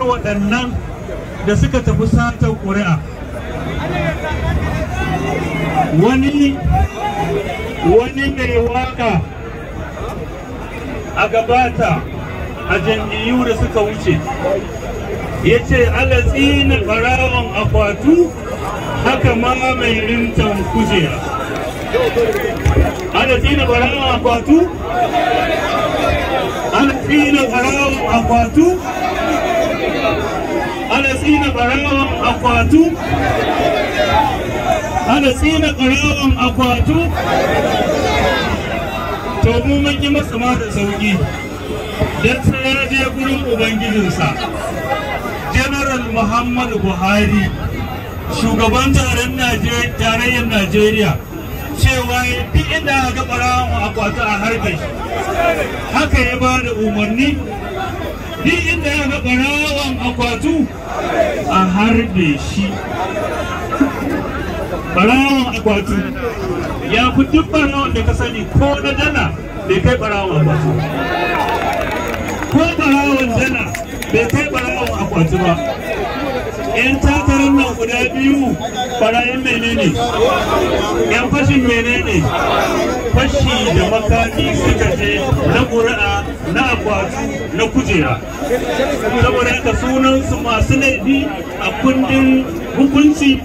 waɗannan da suka tafi satar ƙuri'a wani wani mai waka a gabata a jam'iyyu da suka wuce ya ce alatsinin ɓarawan akwatu haka ma mai rintan kujera alatsinin ɓarawan akwatu alatsinin ɓarawan akwatu tsina ana tsina barawan akwatu to mu yi masa ma da sauki don sai ya je gurin ubangijinsa general muhammadu buhari shugaban taron tarayyar najeriya cewa fi inda ga barawan akwatu a harbe haka ya ba da umarni duk inda ya ga ɓarawan akwatu a harbe shi ɓarawan akwatu ya fi duk ɓarawan da ka sani ko na dana bai kai ɓarawan akwatu ko ɓarawan dana bai kai ɓarawan akwatu ba yan takarar nan guda biyu ɓarayin menene yan fashin menene fashi da makami suka je akwatu na kujera saboda haka sunansu masu laifi a kundin hukunci